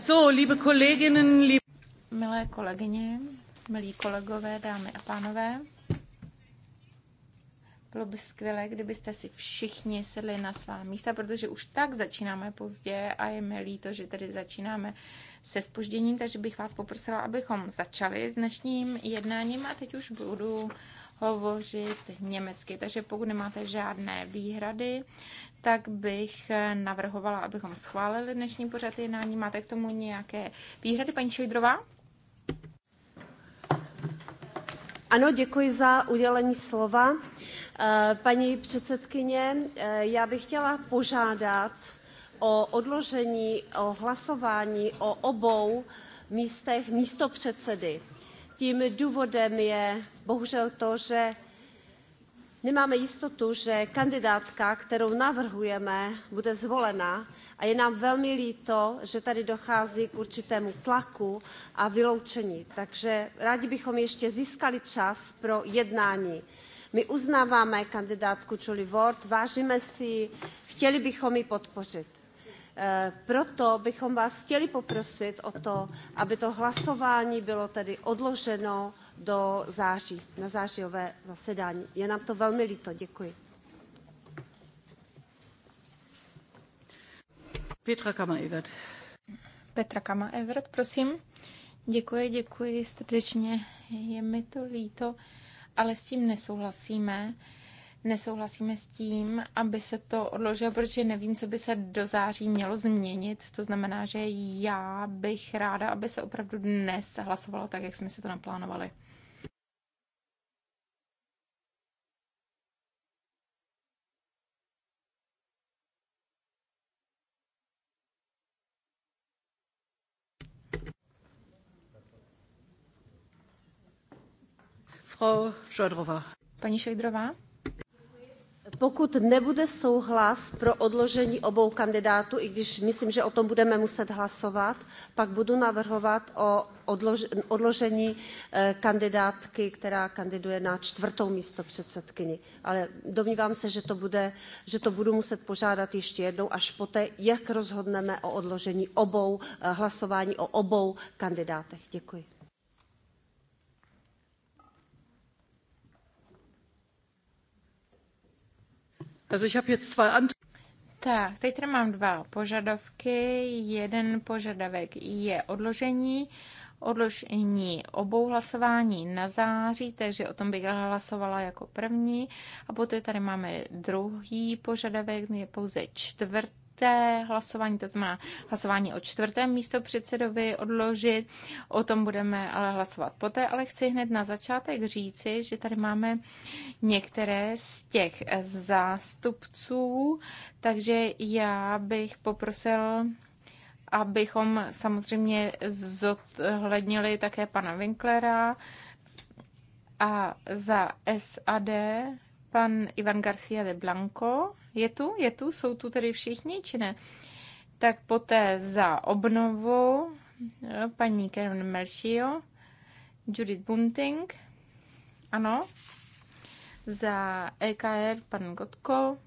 So, liebe Kolleginnen, liebe... Milé kolegyně, milí kolegové, dámy a pánové, bylo by skvělé, kdybyste si všichni sedli na svá místa, protože už tak začínáme pozdě a je mi líto, že tedy začínáme se spožděním, takže bych vás poprosila, abychom začali s dnešním jednáním a teď už budu hovořit německy. Takže pokud nemáte žádné výhrady, tak bych navrhovala, abychom schválili dnešní pořad jednání. Máte k tomu nějaké výhrady, paní Šojdrová? Ano, děkuji za udělení slova. Eh, paní předsedkyně, eh, já bych chtěla požádat o odložení o hlasování o obou místech předsedy. Tím důvodem je bohužel to, že nemáme jistotu, že kandidátka, kterou navrhujeme, bude zvolena a je nám velmi líto, že tady dochází k určitému tlaku a vyloučení. Takže rádi bychom ještě získali čas pro jednání. My uznáváme kandidátku Julie Ward, vážíme si ji, chtěli bychom ji podpořit Eh, proto bychom vás chtěli poprosit o to, aby to hlasování bylo tedy odloženo do září, na zářijové zasedání. Je nám to velmi líto. Děkuji. Petra Kama-Evert. Petra Kama-Evert, prosím. Děkuji, děkuji srdečně. Je mi to líto, ale s tím nesouhlasíme nesouhlasíme s tím, aby se to odložilo, protože nevím, co by se do září mělo změnit. To znamená, že já bych ráda, aby se opravdu dnes hlasovalo tak, jak jsme si to naplánovali. Frau Šojdrová. Paní Šojdrová pokud nebude souhlas pro odložení obou kandidátů i když myslím že o tom budeme muset hlasovat pak budu navrhovat odložení eh, kandidátky která kandiduje na čtvrtou místopředsedkyni ale domnívám se že to, že to budu muset požádat ještě jednou až poté jak rozhodneme o odložení obou eh, hlasování o obou kandidátech. děkuji. Tak, teď tady mám dva požadavky. Jeden požadavek je odložení, odložení obou hlasování na září, takže o tom bych hlasovala jako první. A poté tady máme druhý požadavek, je pouze čtvrt, čtvrté hlasování, to znamená hlasování o čtvrtém místo předsedovi odložit. O tom budeme ale hlasovat poté, ale chci hned na začátek říci, že tady máme některé z těch zástupců, takže já bych poprosil abychom samozřejmě zohlednili také pana Winklera a za SAD pan Ivan Garcia de Blanco. Je tu? Je tu? Jsou tu tedy všichni, či ne? Tak poté za obnovu eh, paní Karen Melchio, Judith Bunting, ano, za EKR pan Gotko,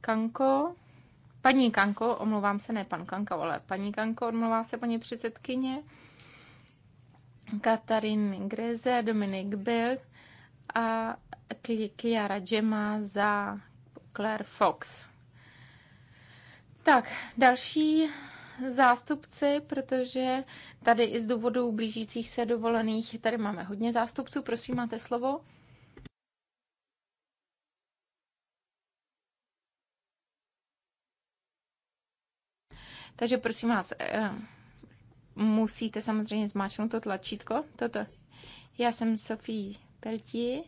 Kanko, paní Kanko, omlouvám se, ne pan Kanko, ale paní Kanko, omlouvá se paní předsedkyně, Katarín Greze, Dominik Bild, a Kiara Gemma za Claire Fox. Tak, další zástupci, protože tady i z důvodu blížících se dovolených, tady máme hodně zástupců, prosím, máte slovo. Takže prosím vás, eh, musíte samozřejmě zmáčknout to tlačítko, toto. Já jsem Sofie proti.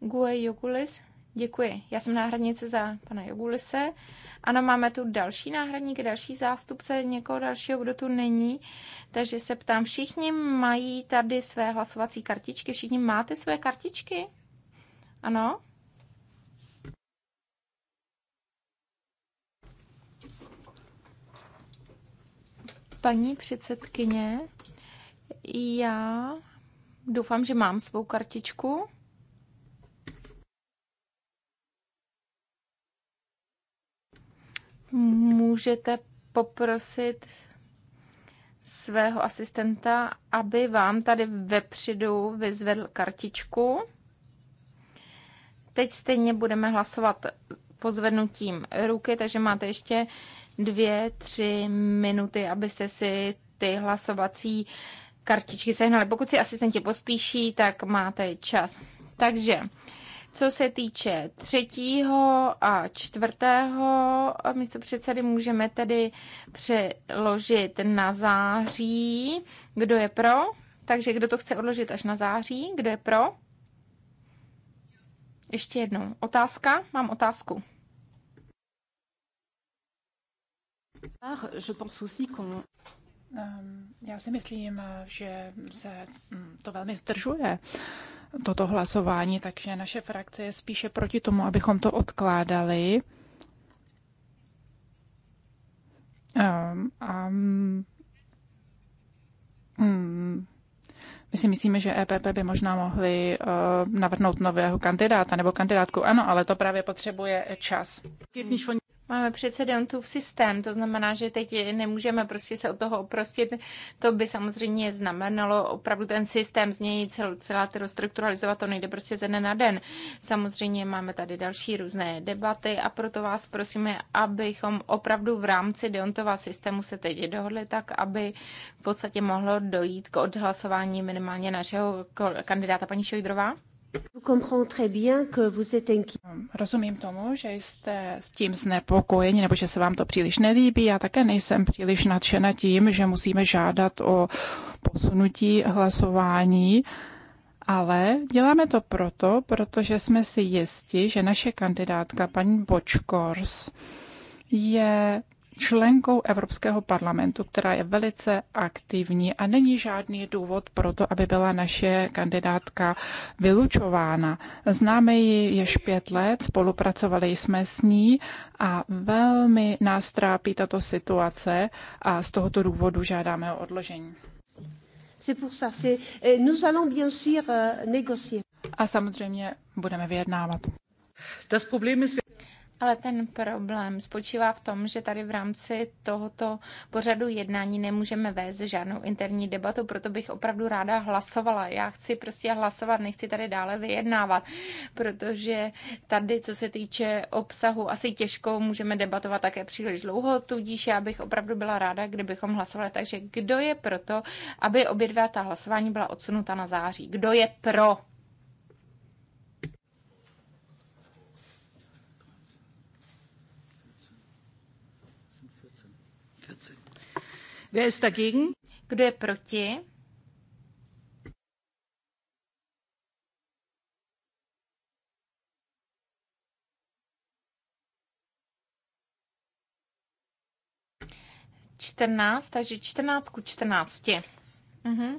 Gue Jogulis. Děkuji. Já jsem náhradnice za pana Jogulise. Ano, máme tu další náhradník, další zástupce, někoho dalšího, kdo tu není. Takže se ptám, všichni mají tady své hlasovací kartičky? Všichni máte své kartičky? Ano? Paní předsedkyně, já doufám, že mám svou kartičku. Můžete poprosit svého asistenta, aby vám tady vepředu vyzvedl kartičku. Teď stejně budeme hlasovat pozvednutím ruky, takže máte ještě dvě, tři minuty, abyste si ty hlasovací kartičky sehnali. Pokud si asistenti pospíší, tak máte čas. Takže co se týče třetího a čtvrtého místo předsedy, můžeme tedy přeložit na září. Kdo je pro? Takže kdo to chce odložit až na září? Kdo je pro? Ještě jednou. Otázka? Mám otázku. Ah, je pense aussi qu'on Ehm, já si myslím, že se hm, to velmi zdržuje toto hlasování, takže naše frakce je spíše proti tomu, abychom to odkládali. Ehm, a hm, my si myslíme, že EPP by možná mohli eh, navrhnout nového kandidáta nebo kandidátku. Ano, ale to právě potřebuje čas. Máme precedentův systém, to znamená, že teď nemůžeme prostě se od toho oprostit. To by samozřejmě znamenalo opravdu ten systém změnit, cel, celá ty rozstrukturalizovat, to nejde prostě ze dne na den. Samozřejmě máme tady další různé debaty a proto vás prosíme, abychom opravdu v rámci Deontova systému se teď dohodli tak, aby v podstatě mohlo dojít k odhlasování minimálně našeho kandidáta paní Šojdrová. Ehm, rozumím tomu, že jste s tím znepokojeni, nebo že se vám to příliš nelíbí. Já také nejsem příliš nadšena tím, že musíme žádat o posunutí hlasování, ale děláme to proto, protože jsme si jisti, že naše kandidátka paní Bočkors je členkou Evropského parlamentu, která je velice aktivní a není žádný důvod pro to, aby byla naše kandidátka vylučována. Známe ji již pět let, spolupracovali jsme s ní a velmi nás trápí tato situace a z tohoto důvodu žádáme o odložení. Eh, eh, a samozřejmě budeme vyjednávat. Das Problem ist, ale ten problém spočívá v tom, že tady v rámci tohoto pořadu jednání nemůžeme vést žádnou interní debatu, proto bych opravdu ráda hlasovala. Já chci prostě hlasovat, nechci tady dále vyjednávat, protože tady, co se týče obsahu, asi těžko můžeme debatovat také příliš dlouho, tudíž já bych opravdu byla ráda, kdybychom hlasovali. Takže kdo je proto, aby obě dvě ta hlasování byla odsunuta na září? Kdo je pro? Wer ist dagegen? Kdo je proti? Čtrnáct, takže čtrnáct ku čtrnácti. Mhm.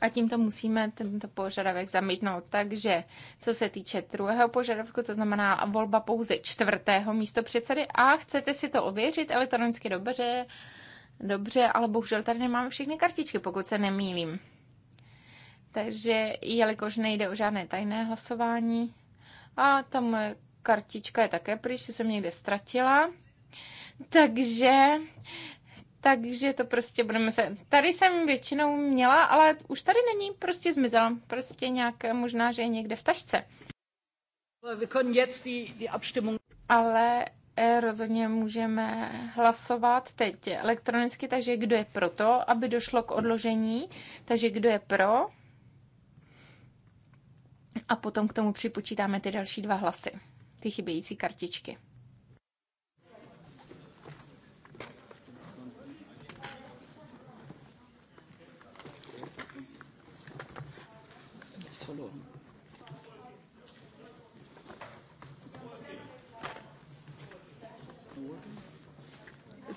A tímto musíme tento požadavek zamítnout. Takže co se týče druhého požadavku, to znamená volba pouze čtvrtého místo předsedy. A chcete si to ověřit elektronicky dobře? Dobře, ale bohužel tady nemáme všechny kartičky, pokud se nemýlím. Takže jelikož nejde o žádné tajné hlasování, a ta moje kartička je také pryč, že jsem někde ztratila. Takže, takže to prostě budeme se... Tady jsem většinou měla, ale už tady není, prostě zmizela. Prostě nějak možná, že je někde v tašce. ale rozhodně můžeme hlasovat teď elektronicky, takže kdo je pro to, aby došlo k odložení, takže kdo je pro a potom k tomu připočítáme ty další dva hlasy, ty chybějící kartičky. Solo.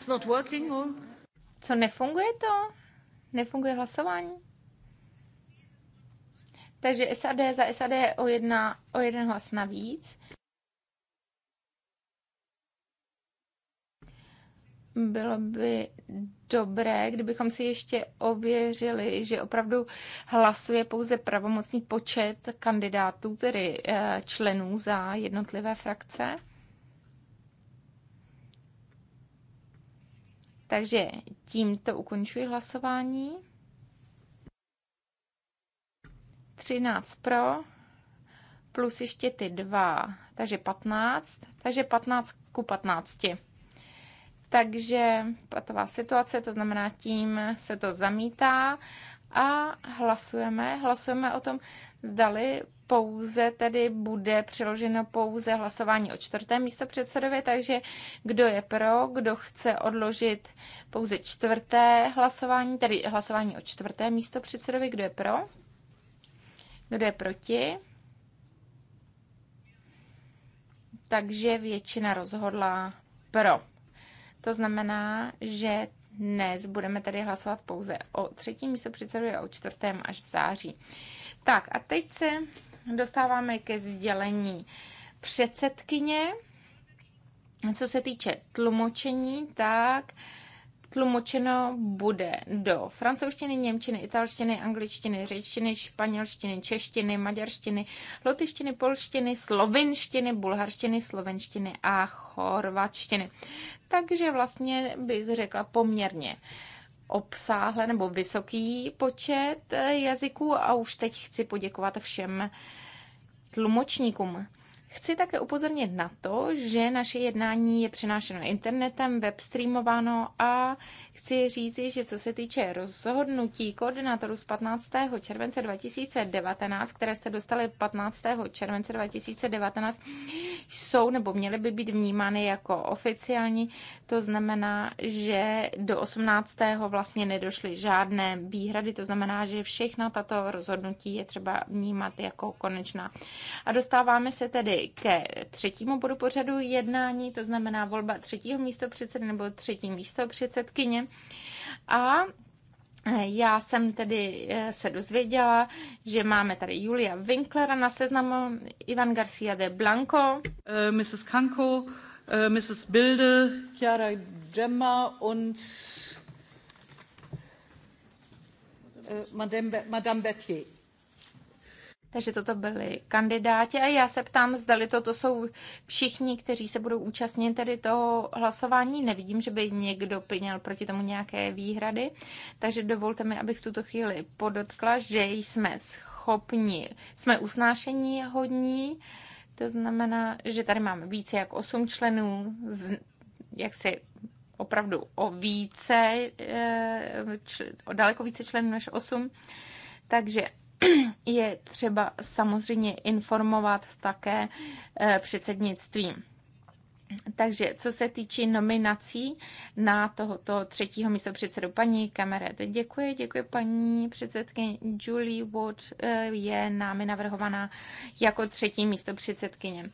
It's not working or... Co nefunguje to? Nefunguje hlasování? Takže SAD za SAD je o, jedna, o jeden hlas navíc. Bylo by dobré, kdybychom si ještě ověřili, že opravdu hlasuje pouze pravomocný počet kandidátů, tedy eh, členů za jednotlivé frakce. Takže tímto ukončuji hlasování. 13 pro, plus ještě ty dva, takže 15, takže 15 ku 15. Takže patová situace, to znamená tím se to zamítá a hlasujeme, hlasujeme o tom, zdali pouze tedy bude přeloženo pouze hlasování o čtvrtém místo předsedově, takže kdo je pro, kdo chce odložit pouze čtvrté hlasování, tedy hlasování o čtvrté místo předsedově, kdo je pro, kdo je proti. Takže většina rozhodla pro. To znamená, že dnes budeme tedy hlasovat pouze o třetím místo předsedově a o čtvrtém až v září. Tak a teď se dostáváme ke sdělení předsedkyně. Co se týče tlumočení, tak tlumočeno bude do francouzštiny, němčiny, italštiny, angličtiny, řečtiny, španělštiny, češtiny, maďarštiny, lotyštiny, polštiny, slovinštiny, bulharštiny, slovenštiny a chorvatštiny. Takže vlastně bych řekla poměrně obsáhle nebo vysoký počet eh, jazyků a už teď chci poděkovat všem tlumočníkům. Chci také upozornit na to, že naše jednání je přenášeno internetem, webstreamováno a chci říci, že co se týče rozhodnutí koordinátorů z 15. července 2019, které jste dostali 15. července 2019, jsou nebo měly by být vnímány jako oficiální. To znamená, že do 18. vlastně nedošly žádné výhrady, to znamená, že všechna tato rozhodnutí je třeba vnímat jako konečná. A dostáváme se tedy ke třetímu bodu pořadu jednání, to znamená volba třetího místo předsedy nebo třetí místo předsedkyně. A eh, já jsem tedy eh, se dozvěděla, že máme tady Julia Winklera na seznamu, Ivan Garcia de Blanco, uh, eh, Mrs. Kanko, uh, Mrs. Bilde, Chiara Gemma und uh, Madame, Madame Berthier. Takže toto byli kandidáti a já se ptám, zdali toto jsou všichni, kteří se budou účastnit tedy toho hlasování. Nevidím, že by někdo plněl proti tomu nějaké výhrady, takže dovolte mi, abych v tuto chvíli podotkla, že jsme schopni, jsme usnášení hodní, to znamená, že tady máme více jak 8 členů, z, jak si opravdu o více, eh, o daleko více členů než 8. Takže je třeba samozřejmě informovat také eh, předsednictví. Takže co se týče nominací na tohoto třetího místo předsedu paní Kameret, děkuji, děkuji paní předsedkyně. Julie Wood eh, je námi navrhovaná jako třetí místo předsedkyně.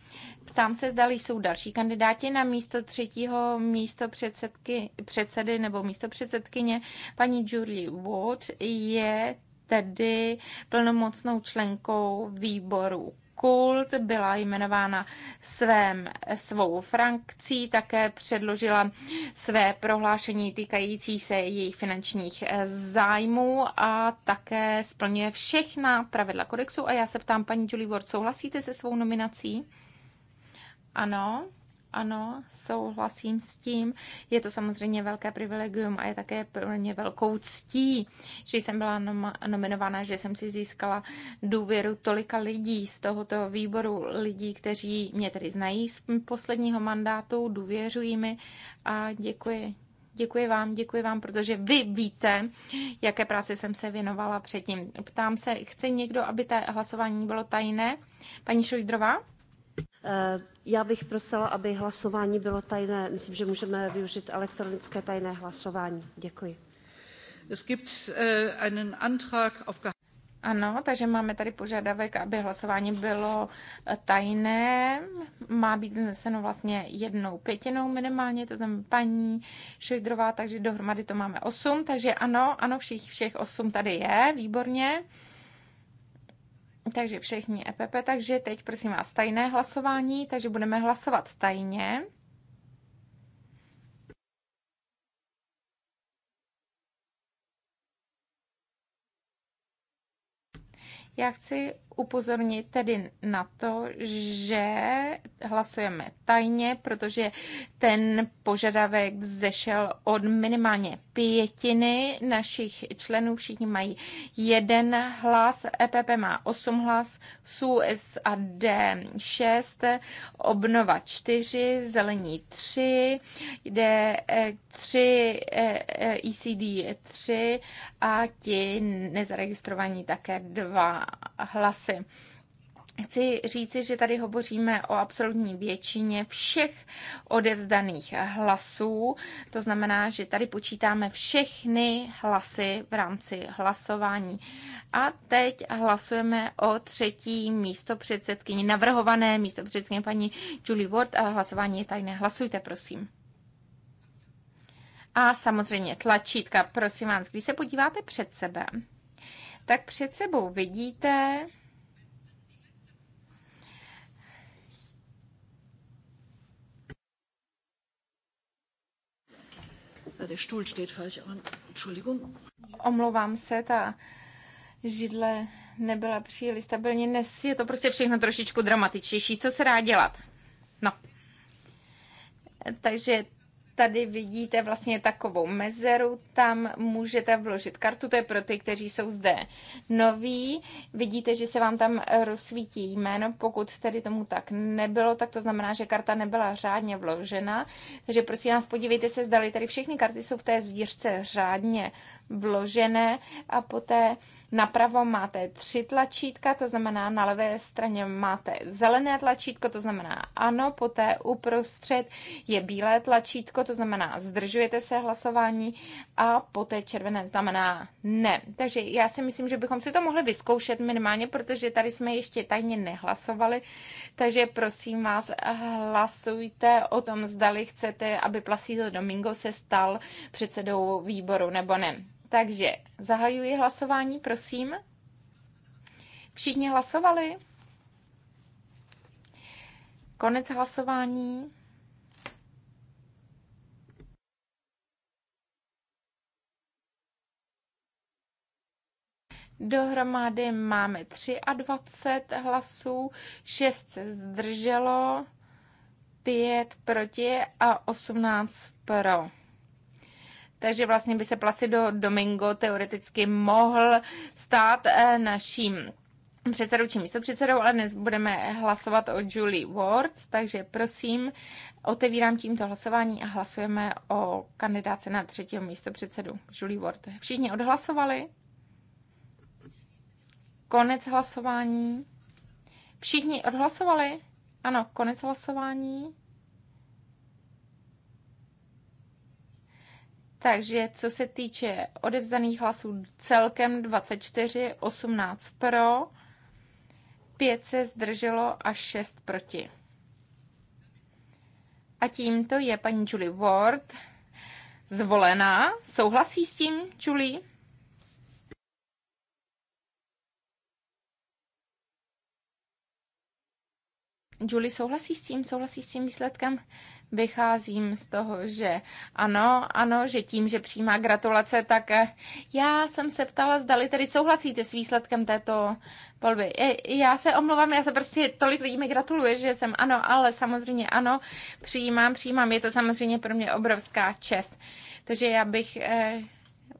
Ptám se, zdali jsou další kandidáti na místo třetího místo předsedky, předsedy nebo místo předsedkyně. Paní Julie Wood je tedy plnomocnou členkou výboru Kult, byla jmenována svém, svou frankcí, také předložila své prohlášení týkající se jejich finančních eh, zájmů a také splňuje všechna pravidla kodexu. A já se ptám, paní Julie Ward, souhlasíte se svou nominací? Ano. Ano, souhlasím s tím. Je to samozřejmě velké privilegium a je také pro mě velkou ctí, že jsem byla nom- nominována, že jsem si získala důvěru tolika lidí z tohoto výboru, lidí, kteří mě tedy znají z posledního mandátu, důvěřují mi a děkuji. Děkuji vám, děkuji vám, protože vy víte, jaké práce jsem se věnovala předtím. Ptám se, chce někdo, aby to hlasování bylo tajné? Paní Šojdrová? Eh, já bych prosila, aby hlasování bylo tajné. Myslím, že můžeme využít elektronické tajné hlasování. Děkuji. Eh, ano, takže máme tady požadavek, aby hlasování bylo eh, tajné. Má být vzneseno vlastně jednou pětinou minimálně, to znamená paní Šojdrová, takže dohromady to máme osm, takže ano, ano, všech, všech osm tady je, výborně. Takže všichni EPP, takže teď prosím vás tajné hlasování, takže budeme hlasovat tajně. Já chci upozornit tedy na to, že hlasujeme tajně, protože ten požadavek vzešel od minimálně pětiny našich členů. Všichni mají jeden hlas, EPP má osm hlas, a D šest, obnova čtyři, zelení tři, jde tři, ECD e, e tři a ti nezaregistrovaní také dva hlasy pomoci. Chci říci, že tady hovoříme o absolutní většině všech odevzdaných hlasů. To znamená, že tady počítáme všechny hlasy v rámci hlasování. A teď hlasujeme o třetí místo předsedkyni, navrhované místo předsedkyni paní Julie Ward a hlasování je tajné. Hlasujte, prosím. A samozřejmě tlačítka, prosím vás, když se podíváte před sebe, tak před sebou vidíte Der Stuhl steht falsch an. Entschuldigung. Omlouvám se, ta židle nebyla příliš stabilní. Dnes je to prostě všechno trošičku dramatičtější. Co se dá dělat? No. Takže tady vidíte vlastně takovou mezeru, tam můžete vložit kartu, to je pro ty, kteří jsou zde noví. Vidíte, že se vám tam rozsvítí jméno, pokud tedy tomu tak nebylo, tak to znamená, že karta nebyla řádně vložena. Takže prosím vás, podívejte se, zdali tady všechny karty jsou v té zdířce řádně vložené a poté Napravo máte tři tlačítka, to znamená na levé straně máte zelené tlačítko, to znamená ano, poté uprostřed je bílé tlačítko, to znamená zdržujete se hlasování a poté červené znamená ne. Takže já si myslím, že bychom si to mohli vyzkoušet minimálně, protože tady jsme ještě tajně nehlasovali, takže prosím vás, hlasujte o tom, zdali chcete, aby Placido Domingo se stal předsedou výboru nebo ne. Takže zahajuji hlasování, prosím. Všichni hlasovali? Konec hlasování. Dohromady máme 23 hlasů, 6 se zdrželo, 5 proti a 18 pro. Takže vlastně by se Placido Domingo teoreticky mohl stát eh, naším předsedou či místopředsedou, ale dnes budeme hlasovat o Julie Ward, takže prosím, otevírám tímto hlasování a hlasujeme o kandidáce na třetího místopředsedu Julie Ward. Všichni odhlasovali? Konec hlasování. Všichni odhlasovali? Ano, konec hlasování. Takže co se týče odevzdaných hlasů celkem 24, 18 pro, 5 se zdrželo a 6 proti. A tímto je paní Julie Ward zvolená. Souhlasí s tím, Julie? Julie souhlasí s tím, souhlasí s tím výsledkem. Vycházím z toho, že ano, ano, že tím, že přijímá gratulace, tak eh, já jsem se ptala, zdali tedy souhlasíte s výsledkem této volby. Já se omlouvám, já se prostě tolik lidí mi gratuluje, že jsem ano, ale samozřejmě ano, přijímám, přijímám. Je to samozřejmě pro mě obrovská čest. Takže já bych eh,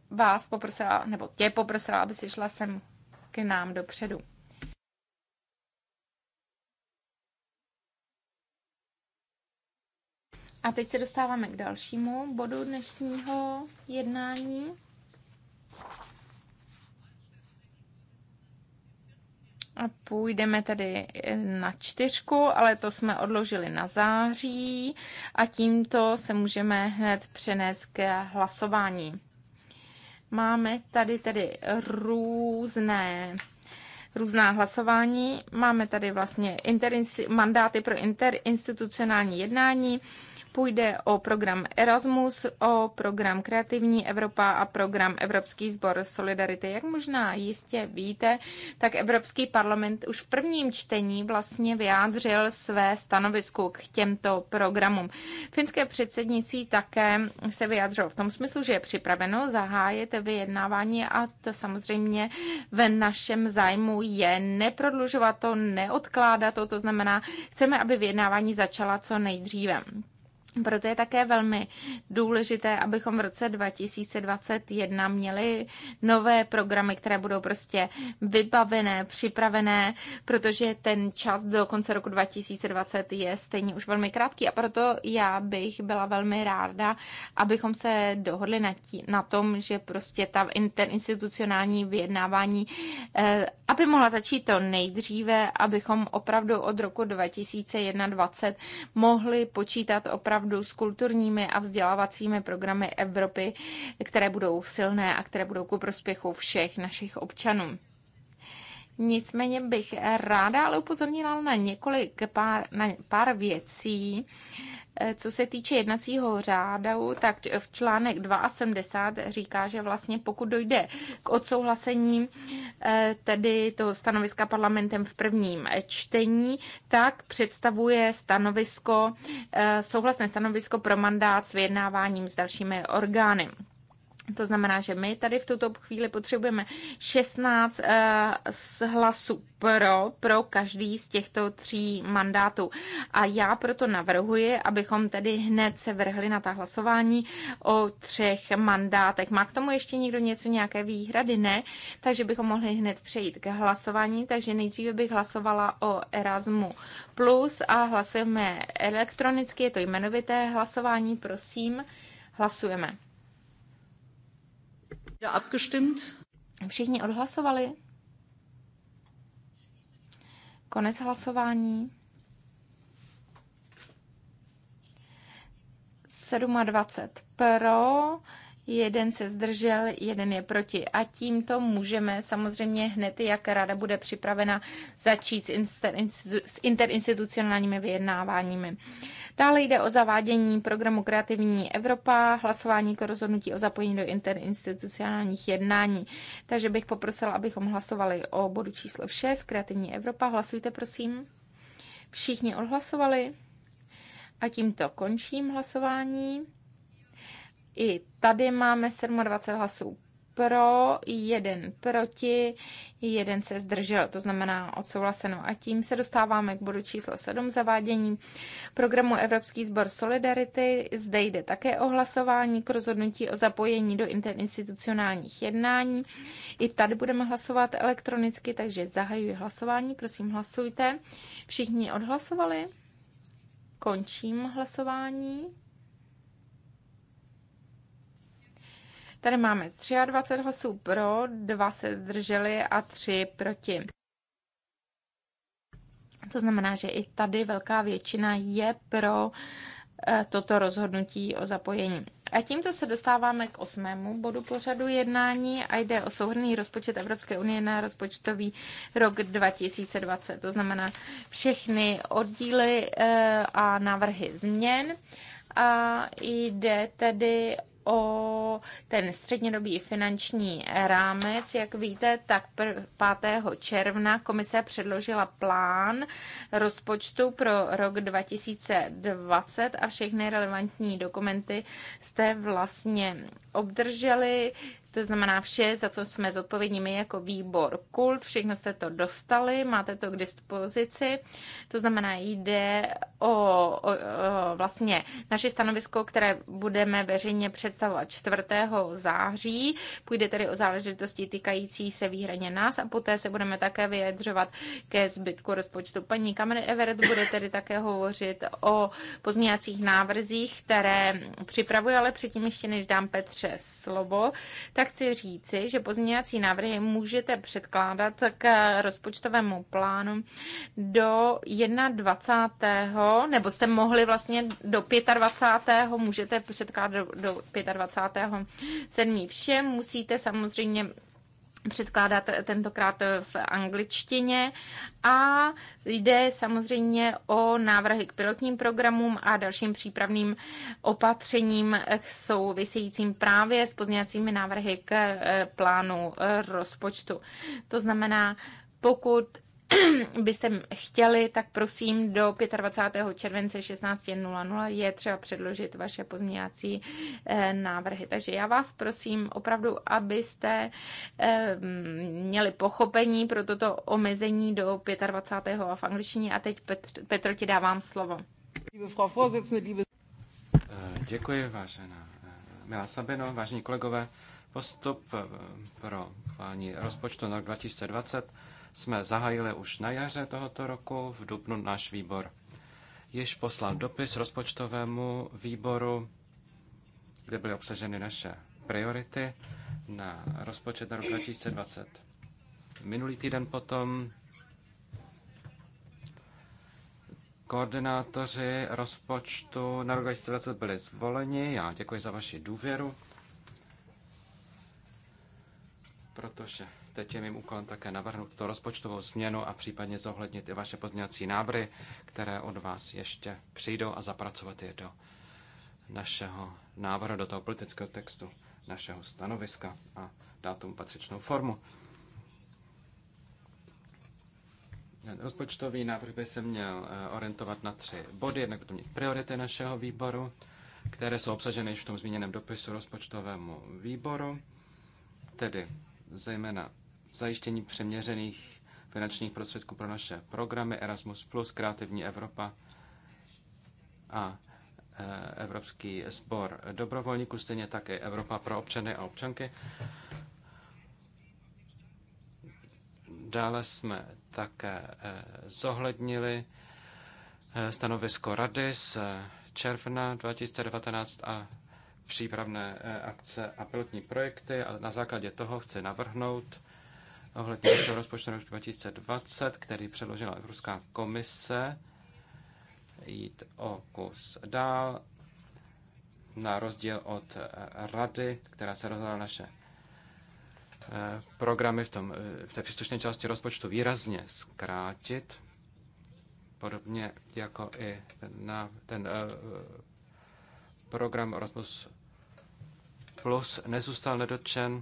vás poprosila, nebo tě poprosila, aby si šla sem k nám dopředu. A teď se dostáváme k dalšímu bodu dnešního jednání. A půjdeme tedy na čtyřku, ale to jsme odložili na září a tímto se můžeme hned přenést k hlasování. Máme tady tedy různé různá hlasování. Máme tady vlastně mandáty pro interinstitucionální jednání, Půjde o program Erasmus, o program Kreativní Evropa a program Evropský sbor Solidarity. Jak možná jistě víte, tak Evropský parlament už v prvním čtení vlastně vyjádřil své stanovisko k těmto programům. Finské předsednictví také se vyjádřilo v tom smyslu, že je připraveno zahájit vyjednávání a to samozřejmě v našem zájmu je neprodlužovat to, neodkládat to, to znamená, chceme, aby vyjednávání začala co nejdříve. Proto je také velmi důležité, abychom v roce 2021 měli nové programy, které budou prostě vybavené, připravené, protože ten čas do konce roku 2020 je stejně už velmi krátký a proto já bych byla velmi ráda, abychom se dohodli na, tí, na tom, že prostě ta institucionální vyjednávání, eh, aby mohla začít to nejdříve, abychom opravdu od roku 2021 mohli počítat opravdu opravdu s kulturními a vzdělávacími programy Evropy, které budou silné a které budou ku prospěchu všech našich občanů. Nicméně bych ráda ale upozornila na několik pár, na pár věcí, Eh, co se týče jednacího řádu, tak v článek 72 říká, že vlastně pokud dojde k odsouhlasení eh, tedy toho stanoviska parlamentem v prvním čtení, tak představuje stanovisko, eh, souhlasné stanovisko pro mandát s vyjednáváním s dalšími orgány. To znamená, že my tady v tuto chvíli potřebujeme 16 eh, hlasů pro, pro každý z těchto tří mandátů. A já proto navrhuji, abychom tedy hned se vrhli na ta hlasování o třech mandátech. Má k tomu ještě někdo něco, nějaké výhrady? Ne, takže bychom mohli hned přejít k hlasování. Takže nejdříve bych hlasovala o Erasmu Plus a hlasujeme elektronicky, je to jmenovité hlasování, prosím, hlasujeme. Všichni odhlasovali? Konec hlasování. 27 pro, jeden se zdržel, jeden je proti. A tímto můžeme samozřejmě hned, jak rada bude připravena, začít s, interinstitucionálními vyjednáváními. Dále jde o zavádění programu Kreativní Evropa, hlasování k rozhodnutí o zapojení do interinstitucionálních jednání. Takže bych poprosila, abychom hlasovali o bodu číslo 6, Kreativní Evropa. Hlasujte, prosím. Všichni odhlasovali. A tímto končím hlasování. I tady máme 27 hlasů pro, jeden proti, jeden se zdržel, to znamená odsouhlaseno. A tím se dostáváme k bodu číslo 7, zavádění programu Evropský sbor Solidarity. Zde jde také o hlasování k rozhodnutí o zapojení do interinstitucionálních jednání. I tady budeme hlasovat elektronicky, takže zahajuji hlasování, prosím hlasujte. Všichni odhlasovali? Končím hlasování. Tady máme 23 hlasů pro, 2 se zdrželi a 3 proti. To znamená, že i tady velká většina je pro eh, toto rozhodnutí o zapojení. A tímto se dostáváme k osmému bodu pořadu jednání a jde o souhrný rozpočet Evropské unie na rozpočtový rok 2020. To znamená všechny oddíly eh, a návrhy změn. A jde tedy o ten střednědobý finanční rámec. Jak víte, tak 5. června komise předložila plán rozpočtu pro rok 2020 a všechny relevantní dokumenty jste vlastně obdrželi. To znamená vše, za co jsme zodpovědní my jako výbor kult, všechno jste to dostali, máte to k dispozici. To znamená, jde o, o, o vlastně naše stanovisko, které budeme veřejně představovat 4. září. Půjde tedy o záležitosti týkající se výhraně nás a poté se budeme také vyjadřovat ke zbytku rozpočtu. Paní Kamery Everett bude tedy také hovořit o pozměňacích návrzích, které připravuje, ale předtím ještě než dám Petře slovo, tak tak chci říci, že pozměňovací návrhy můžete předkládat k rozpočtovému plánu do 21. nebo jste mohli vlastně do 25. můžete předkládat do 25. 7. Všem musíte samozřejmě předkládá tentokrát v angličtině a jde samozřejmě o návrhy k pilotním programům a dalším přípravným opatřením souvisejícím právě s pozněcími návrhy k eh, plánu eh, rozpočtu. To znamená, pokud byste chtěli, tak prosím do 25. července 16.00 je třeba předložit vaše pozměňovací eh, návrhy. Takže já vás prosím opravdu, abyste eh, měli pochopení pro toto omezení do 25. a v angličtině. A teď Petr, Petro ti dávám slovo. Eh, děkuji, vážená milá Sabino, vážení kolegové. Postup pro chválení rozpočtu na 2020 jsme zahájili už na jaře tohoto roku. V dubnu náš výbor již poslal dopis rozpočtovému výboru, kde byly obsaženy naše priority na rozpočet na rok 2020. Minulý týden potom koordinátoři rozpočtu na rok 2020 byli zvoleni. Já děkuji za vaši důvěru, protože Teď je mým úkolem také navrhnout to rozpočtovou změnu a případně zohlednit i vaše pozměňovací návrhy, které od vás ještě přijdou a zapracovat je do našeho návrhu, do toho politického textu, našeho stanoviska a dát tomu patřičnou formu. Rozpočtový návrh by se měl eh, orientovat na tři body, jednak to mít priority našeho výboru, které jsou obsaženy již v tom zmíněném dopisu rozpočtovému výboru, tedy zejména zajištění přeměřených finančních prostředků pro naše programy Erasmus+, Kreativní Evropa a e, Evropský sbor dobrovolníků, stejně také Evropa pro občany a občanky. Dále jsme také e, zohlednili e, stanovisko Rady z června 2019 a přípravné eh, akce a pilotní projekty a na základě toho chci navrhnout ohledně našeho rozpočtu na 2020, který předložila Evropská komise, jít o kus dál, na rozdíl od eh, rady, která se rozhodla naše eh, programy v, tom, v té příslušné části rozpočtu výrazně zkrátit, podobně jako i ten, na, ten program Erasmus Plus nezůstal nedotčen.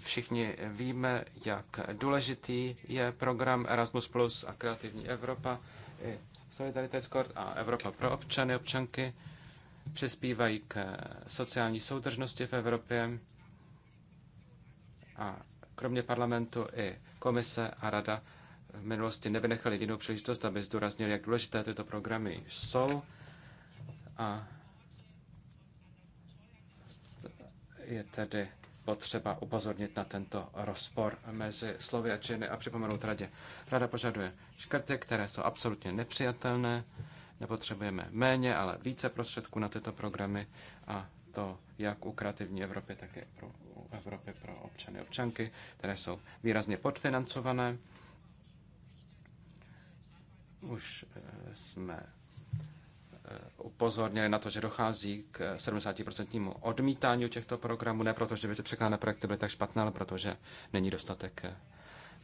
Všichni víme, jak důležitý je program Erasmus Plus a Kreativní Evropa. I Solidarity Escort a Evropa pro občany, občanky přispívají k sociální soudržnosti v Evropě a kromě parlamentu i komise a rada v minulosti nevynechal jedinou příležitost, aby zdůraznil, jak důležité tyto programy jsou. A je tedy potřeba upozornit na tento rozpor mezi slovy a činy a připomenout radě. Rada požaduje škrty, které jsou absolutně nepřijatelné. Nepotřebujeme méně, ale více prostředků na tyto programy a to jak u kreativní Evropy, tak i pro, Evropy pro občany občanky, které jsou výrazně podfinancované. Už eh, jsme eh, upozornili na to, že dochází k 70% odmítání těchto programů, ne proto, že by ty překládané projekty byly tak špatné, ale protože není dostatek eh,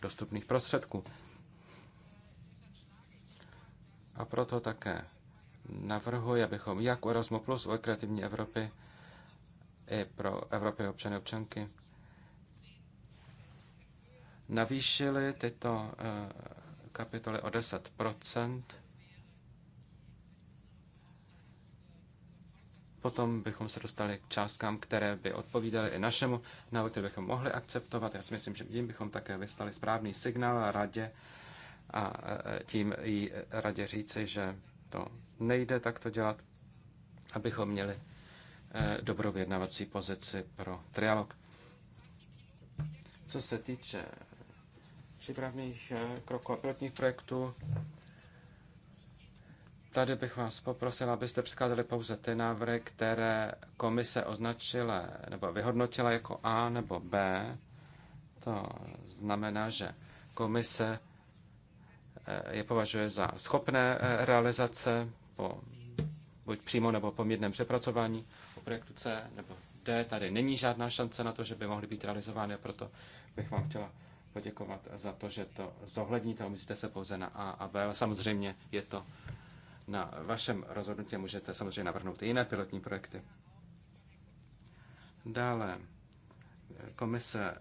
dostupných prostředků. A proto také navrhuji, abychom jak u Erasmus Plus, u kreativní Evropy, i pro Evropy občany občanky navýšili tyto kapitoly o 10 Potom bychom se dostali k částkám, které by odpovídaly i našemu návrhu, které bychom mohli akceptovat. Já si myslím, že tím bychom také vystali správný signál radě a e, e, tím i radě říci, že to nejde takto dělat, abychom měli e, dobrou vyjednavací pozici pro trialog. Co se týče přípravných eh, kroků a pilotních projektů. Tady bych vás poprosil, abyste přikázali pouze ty návrhy, které komise označila nebo vyhodnotila jako A nebo B. To znamená, že komise eh, je považuje za schopné eh, realizace po buď přímo nebo po mírném přepracování. U projektu C nebo D tady není žádná šance na to, že by mohly být realizovány, proto bych vám chtěla poděkovat za to, že to zohledníte, omyslíte se pouze na A a B, ale samozřejmě je to na vašem rozhodnutí, můžete samozřejmě navrhnout i jiné pilotní projekty. Dále komise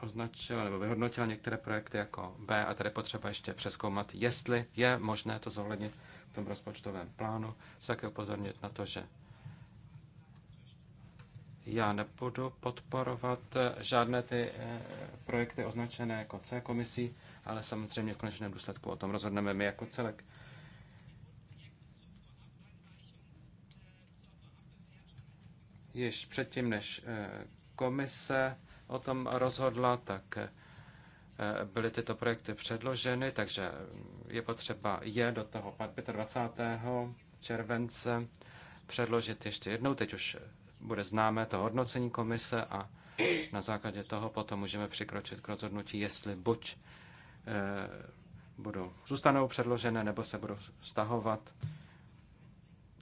označila nebo vyhodnotila některé projekty jako B a tady potřeba ještě přeskoumat, jestli je možné to zohlednit v tom rozpočtovém plánu. Se také upozornit na to, že já nebudu podporovat eh, žádné ty eh, projekty označené jako C komisí, ale samozřejmě v konečném důsledku o tom rozhodneme my jako celek. Již předtím, než eh, komise o tom rozhodla, tak byly tyto projekty předloženy, takže mm, je potřeba je do toho 25. července předložit ještě jednou. Teď už bude známé to hodnocení komise a na základě toho potom můžeme přikročit k rozhodnutí, jestli buď eh, budou, zůstanou předložené nebo se budou stahovat.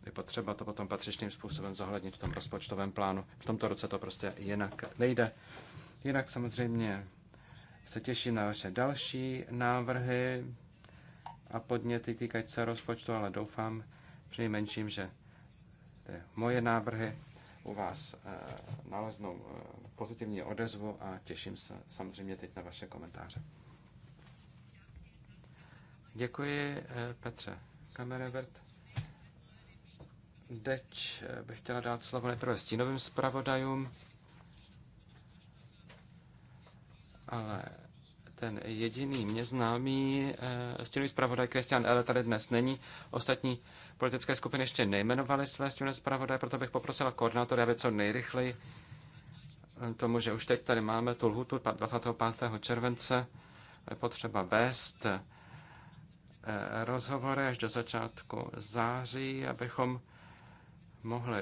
Je potřeba to potom patřičným způsobem zohlednit v tom rozpočtovém plánu. V tomto roce to prostě jinak nejde. Jinak samozřejmě se těším na vaše další návrhy a podněty týkající se rozpočtu, ale doufám přinejmenším, že moje návrhy u vás eh, naleznou eh, pozitivní odezvu a těším se samozřejmě teď na vaše komentáře. Děkuji, eh, Petře Kamerevert. Deč bych chtěla dát slovo nejprve stínovým zpravodajům, ale ten jediný mě známý e, stínový zpravodaj Kristian L. tady dnes není. Ostatní politické skupiny ještě nejmenovaly své stínový zpravodaje, proto bych poprosila koordinátory, aby co nejrychleji eh, tomu, že už teď tady máme tu lhutu 25. července, je potřeba vést eh, rozhovory až do začátku září, abychom mohli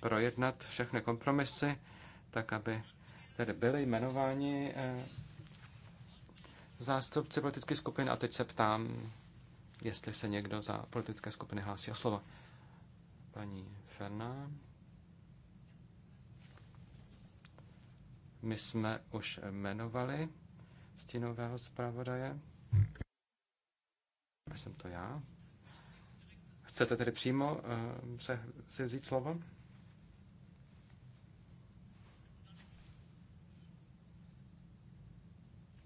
projednat všechny kompromisy, tak aby tedy byli jmenováni zástupci politických skupin a teď se ptám, jestli se někdo za politické skupiny hlásí o slovo. Paní Ferná. My jsme už jmenovali stínového zpravodaje. Jsem to já. Chcete tedy přímo uh, se, si vzít slovo?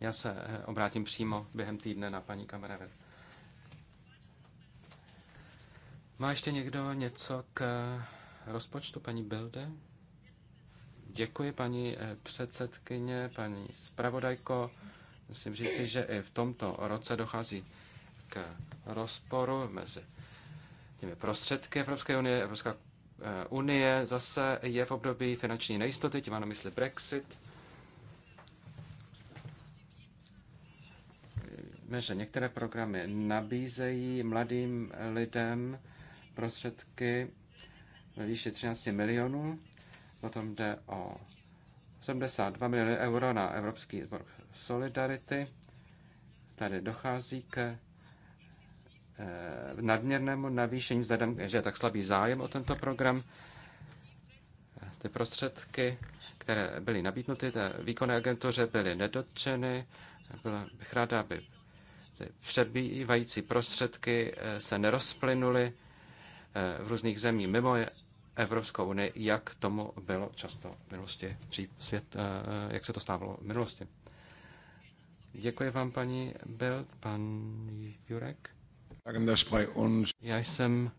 Já se eh, obrátím přímo během týdne na paní Kamerevet. Má ještě někdo něco k eh, rozpočtu paní Bilde? Děkuji, paní eh, předsedkyně, paní zpravodajko. Musím říci, že i v tomto roce dochází k rozporu mezi těmi prostředky Evropské unie. Evropská unie zase je v období finanční nejistoty, tím mám na mysli Brexit. že některé programy nabízejí mladým lidem prostředky ve výši 13 milionů, potom jde o 72 miliony euro na Evropský zbor Solidarity. Tady dochází k eh, nadměrnému navýšení, vzhledem, že je tak slabý zájem o tento program. Ty prostředky, které byly nabídnuty té výkonné agentuře, byly nedotčeny. Byla bych ráda, aby ty přebývající prostředky eh, se nerozplynuly eh, v různých zemí mimo Evropskou unii, jak tomu bylo často v minulosti, svět, eh, jak se to stávalo v minulosti. Děkuji vám, paní Bild, pan Jurek. Já jsem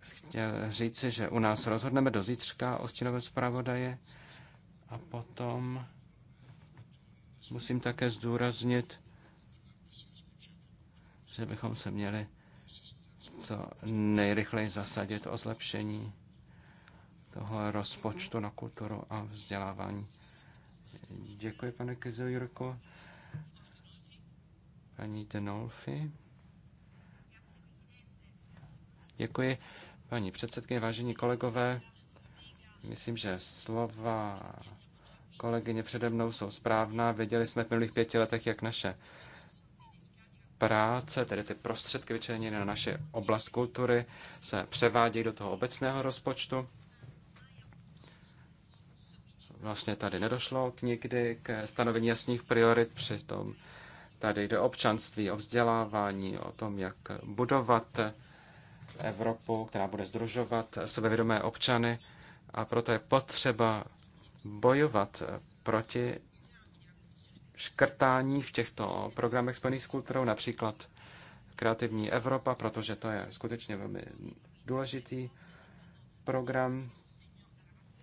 chtěl říci, že u nás rozhodneme do zítřka o stínovém zpravodaje a potom Musím také zdůraznit, že bychom se měli co nejrychleji zasadit o zlepšení toho rozpočtu na kulturu a vzdělávání. Děkuji, pane Kezojurko. Paní Denolfi. Děkuji, paní předsedkyně, vážení kolegové. Myslím, že slova kolegyně přede mnou jsou správná. Věděli jsme v minulých pěti letech, jak naše práce, tedy ty prostředky vyčleněné na naše oblast kultury, se převádějí do toho obecného rozpočtu. Vlastně tady nedošlo k nikdy k stanovení jasných priorit, přitom tady jde o občanství, o vzdělávání, o tom, jak budovat Evropu, která bude združovat sebevědomé občany a proto je potřeba bojovat proti škrtání v těchto programech spojených s kulturou, například Kreativní Evropa, protože to je skutečně velmi důležitý program,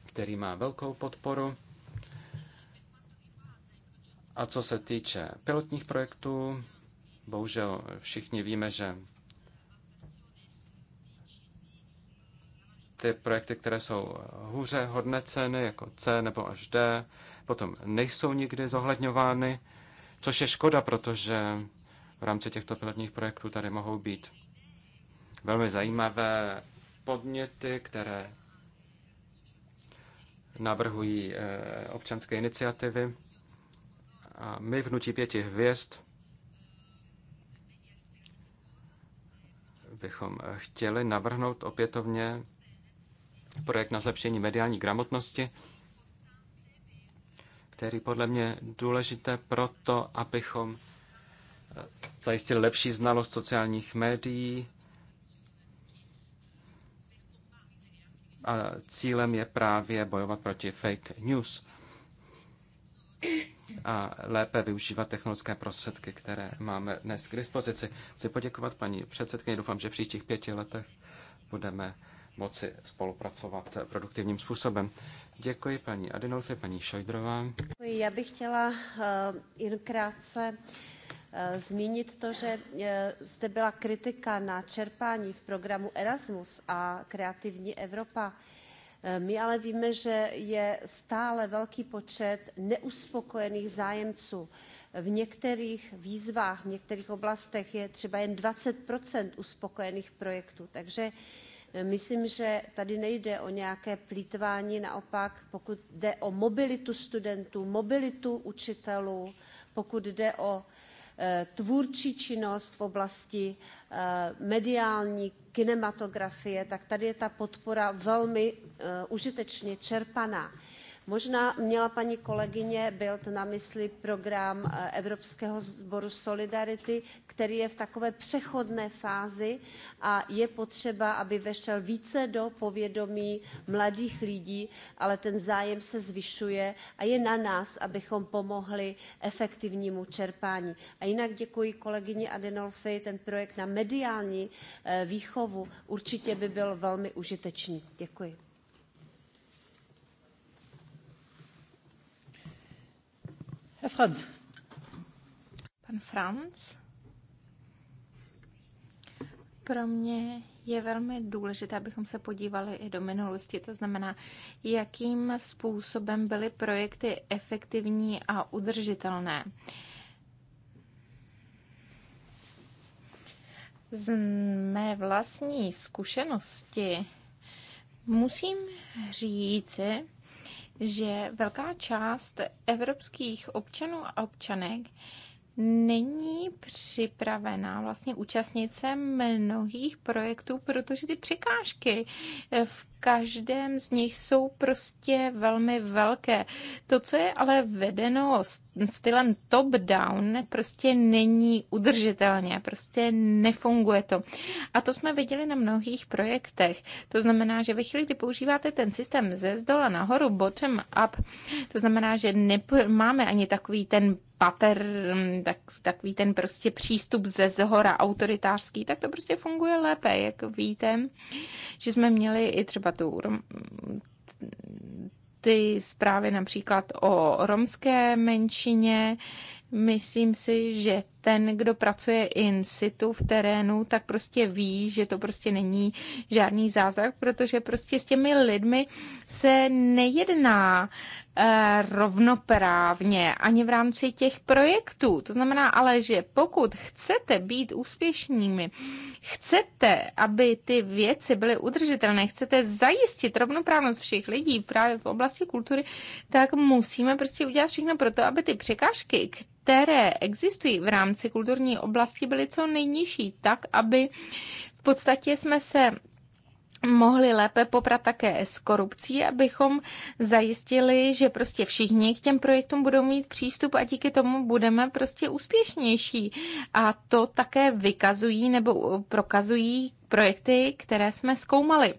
který má velkou podporu. A co se týče pilotních projektů, bohužel všichni víme, že ty projekty, které jsou eh, hůře ceny jako C nebo až D, potom nejsou nikdy zohledňovány, což je škoda, protože v rámci těchto pilotních projektů tady mohou být velmi zajímavé podněty, které navrhují eh, občanské iniciativy. A my v Nutí pěti hvězd bychom eh, chtěli navrhnout opětovně projekt na zlepšení mediální gramotnosti, který podle mě je důležité proto, abychom eh, zajistili lepší znalost sociálních médií. A cílem je právě bojovat proti fake news a lépe využívat technologické prostředky, které máme dnes k dispozici. Chci poděkovat paní předsedkyni, doufám, že v příštích pěti letech budeme moci spolupracovat produktivním způsobem. Děkuji paní Adinolfi, paní Šojdrová. Já bych chtěla uh, jen krátce eh, zmínit to, že eh, zde byla kritika na čerpání v programu Erasmus a Kreativní Evropa. My ale víme, že je stále velký počet neuspokojených zájemců. V některých výzvách, v některých oblastech je třeba jen 20 uspokojených projektů. Takže Eh, myslím, že tady nejde o nějaké plítvání, naopak pokud jde o mobilitu studentů, mobilitu učitelů, pokud jde o eh, tvůrčí činnost v oblasti eh, mediální kinematografie, tak tady je ta podpora velmi užitečně čerpaná možná měla paní kolegyně bildt na mysli program eh, evropského sboru solidarity který je v takové přechodné fázi a je potřeba aby vešel více do povědomí mladých lidí ale ten zájem se zvyšuje a je na nás abychom pomohli efektivnímu čerpání. a jinak děkuji kolegyni adinolfi ten projekt na mediální eh, výchovu určitě by byl velmi užitečný. děkuji. Herr Franz. Pan Franz. Pro mě je velmi důležité, abychom se podívali i do minulosti, to znamená, jakým způsobem byly projekty efektivní a udržitelné. Z mé vlastní zkušenosti musím říci, že velká část evropských občanů a občanek není připravená vlastně účastnit se mnohých projektů, protože ty překážky v každém z nich jsou prostě velmi velké. To, co je ale vedeno stylem top-down, prostě není udržitelně, prostě nefunguje to. A to jsme viděli na mnohých projektech. To znamená, že ve chvíli, kdy používáte ten systém ze zdola nahoru, bottom-up, to znamená, že nemáme ani takový ten pater, mm, tak, takový ten prostě přístup ze zhora autoritářský, tak to prostě funguje lépe, jak víte, že jsme měli i třeba agentur. Ty zprávy například o romské menšině, myslím si, že ten, kdo pracuje in situ v terénu, tak prostě ví, že to prostě není žádný zázrak, protože prostě s těmi lidmi se nejedná eh, rovnoprávně ani v rámci těch projektů. To znamená ale, že pokud chcete být úspěšnými, chcete, aby ty věci byly udržitelné, chcete zajistit rovnoprávnost všech lidí právě v oblasti kultury, tak musíme prostě udělat všechno pro to, aby ty překážky, které existují v rámci rámci kulturní oblasti byly co nejnižší, tak aby v podstatě jsme se mohli lépe poprat také s korupcí, abychom zajistili, že prostě všichni k těm projektům budou mít přístup a díky tomu budeme prostě úspěšnější. A to také vykazují nebo prokazují projekty, které jsme zkoumali.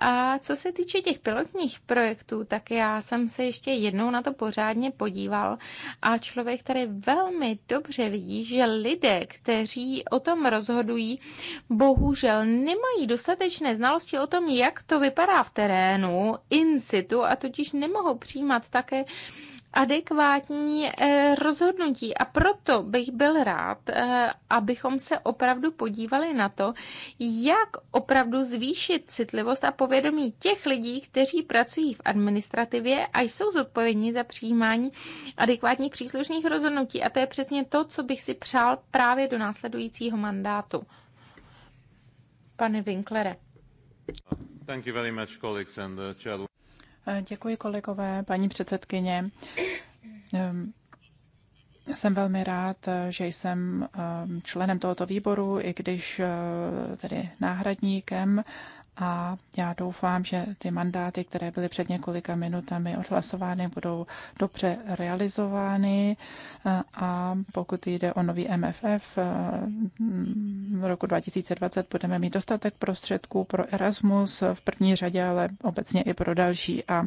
A co se týče těch pilotních projektů, tak já jsem se ještě jednou na to pořádně podíval a člověk tady velmi dobře vidí, že lidé, kteří o tom rozhodují, bohužel nemají dostatečné znalosti o tom, jak to vypadá v terénu, in situ, a totiž nemohou přijímat také adekvátní eh, rozhodnutí. A proto bych byl rád, eh, abychom se opravdu podívali na to, jak opravdu zvýšit citlivost a povědomí těch lidí, kteří pracují v administrativě a jsou zodpovědní za přijímání adekvátních příslušných rozhodnutí. A to je přesně to, co bych si přál právě do následujícího mandátu. Pane Winklere. Thank you very much, colleagues and, uh, Děkuji kolegové, paní předsedkyně. Ehm, jsem velmi rád, že jsem ehm, členem tohoto výboru, i když eh, tedy náhradníkem a já doufám, že ty mandáty, které byly před několika minutami odhlasovány, budou dobře realizovány a pokud jde o nový MFF v roku 2020 budeme mít dostatek prostředků pro Erasmus v první řadě, ale obecně i pro další a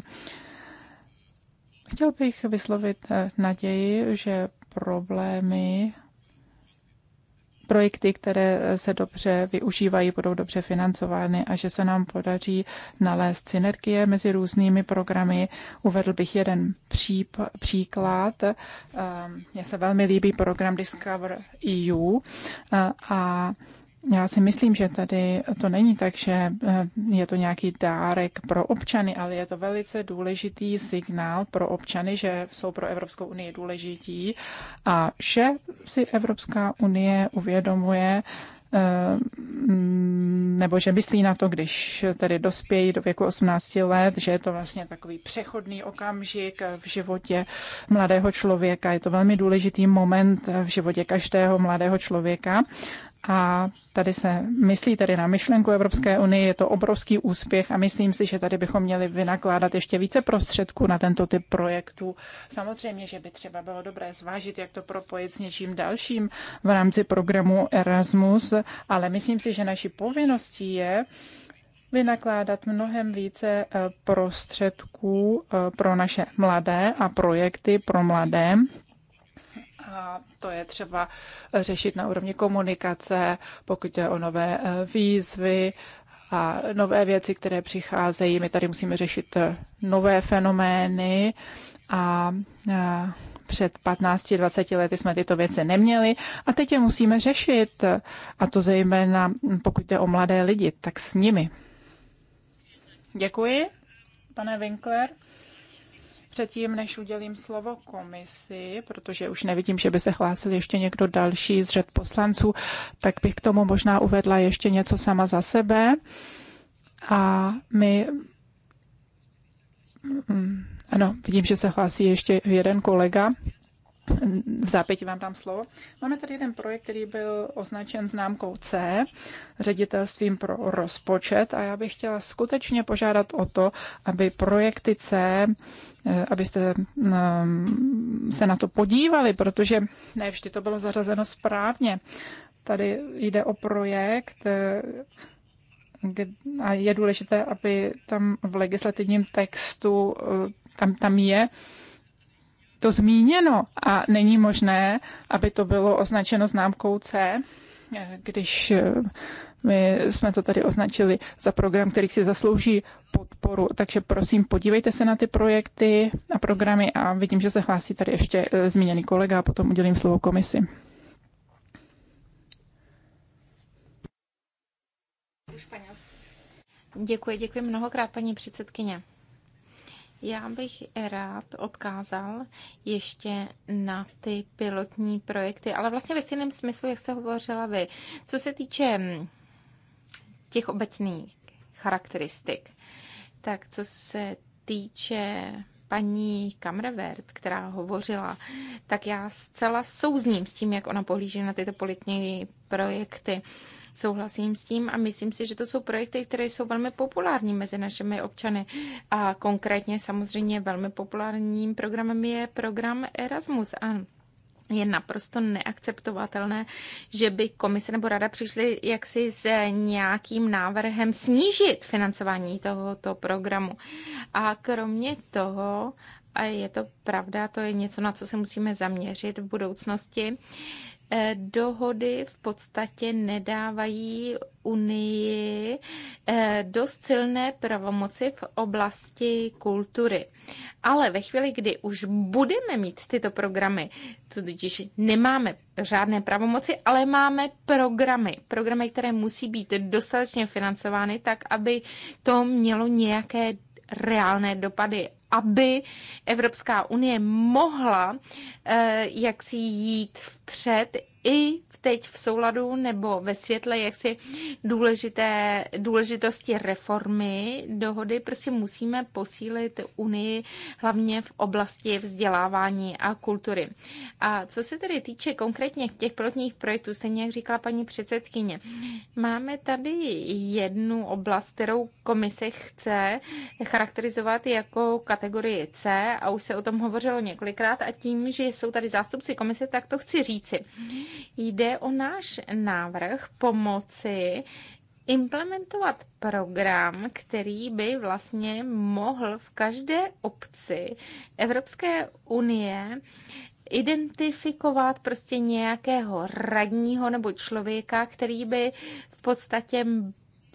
Chtěl bych vyslovit eh, naději, že problémy projekty, které eh, se dobře využívají, budou dobře financovány a že se nám podaří nalézt synergie mezi různými programy. Uvedl bych jeden příp, příklad. Eh, mně se velmi líbí program Discover EU eh, a já si myslím, že tady to není tak, že eh, je to nějaký dárek pro občany, ale je to velice důležitý signál pro občany, že jsou pro Evropskou unii důležití a že si Evropská unie uvědomuje, eh, nebo že myslí na to, když tedy dospějí do věku 18 let, že je to vlastně takový přechodný okamžik v životě mladého člověka. Je to velmi důležitý moment v životě každého mladého člověka a tady se myslí tady na myšlenku Evropské unie, je to obrovský úspěch a myslím si, že tady bychom měli vynakládat ještě více prostředků na tento typ projektů. Samozřejmě, že by třeba bylo dobré zvážit, jak to propojit s něčím dalším v rámci programu Erasmus, ale myslím si, že naší povinností je vynakládat mnohem více eh, prostředků eh, pro naše mladé a projekty pro mladé. A to je třeba řešit na úrovni komunikace, pokud je o nové eh, výzvy a nové věci, které přicházejí. My tady musíme řešit eh, nové fenomény a eh, před 15-20 lety jsme tyto věci neměli a teď je musíme řešit. A to zejména hm, pokud jde o mladé lidi, tak s nimi. Děkuji, pane Winkler. Předtím, než udělím slovo komisi, protože už nevidím, že by se hlásil ještě někdo další z řad poslanců, tak bych k tomu možná uvedla ještě něco sama za sebe. A my mm, ano, vidím, že se hlásí ještě jeden kolega. V zápěti vám dám slovo. Máme tady jeden projekt, který byl označen známkou C, ředitelstvím pro rozpočet a já bych chtěla skutečně požádat o to, aby projekty C Eh, abyste ehm, se na to podívali, protože ne vždy to bylo zařazeno správně. Tady jde o projekt eh, a je důležité, aby tam v legislativním textu eh, tam, tam je to zmíněno a není možné, aby to bylo označeno známkou C, když my jsme to tady označili za program, který si zaslouží podporu, takže prosím, podívejte se na ty projekty a programy a vidím, že se hlásí tady ještě e, zmíněný kolega a potom udělím slovo komisi. Děkuji, děkuji mnohokrát, paní předsedkyně. Já bych rád odkázal ještě na ty pilotní projekty, ale vlastně ve stejném smyslu, jak jste hovořila vy. Co se týče mm, těch obecných charakteristik, tak co se týče paní Kamrevert, která hovořila, tak já zcela souzním s tím, jak ona pohlíží na tyto politní projekty. Souhlasím s tím a myslím si, že to jsou projekty, které jsou velmi populární mezi našimi občany. A konkrétně samozřejmě velmi populárním programem je program Erasmus. A je naprosto neakceptovatelné, že by komise nebo rada přišly jaksi s nějakým návrhem snížit financování tohoto programu. A kromě toho, a je to pravda, to je něco, na co se musíme zaměřit v budoucnosti, Eh, dohody v podstatě nedávají Unii eh, dost silné pravomoci v oblasti kultury. Ale ve chvíli, kdy už budeme mít tyto programy, tudíž nemáme žádné pravomoci, ale máme programy. Programy, které musí být dostatečně financovány tak, aby to mělo nějaké reálné dopady aby Evropská unie mohla eh, jak si jít vpřed i teď v souladu nebo ve světle jaksi důležité, důležitosti reformy dohody prostě musíme posílit Unii hlavně v oblasti vzdělávání a kultury. A co se tedy týče konkrétně těch pilotních projektů, stejně jak říkala paní předsedkyně, máme tady jednu oblast, kterou komise chce charakterizovat jako kategorii C a už se o tom hovořilo několikrát a tím, že jsou tady zástupci komise, tak to chci říci jde o náš návrh pomoci implementovat program, který by vlastně mohl v každé obci Evropské unie identifikovat prostě nějakého radního nebo člověka, který by v podstatě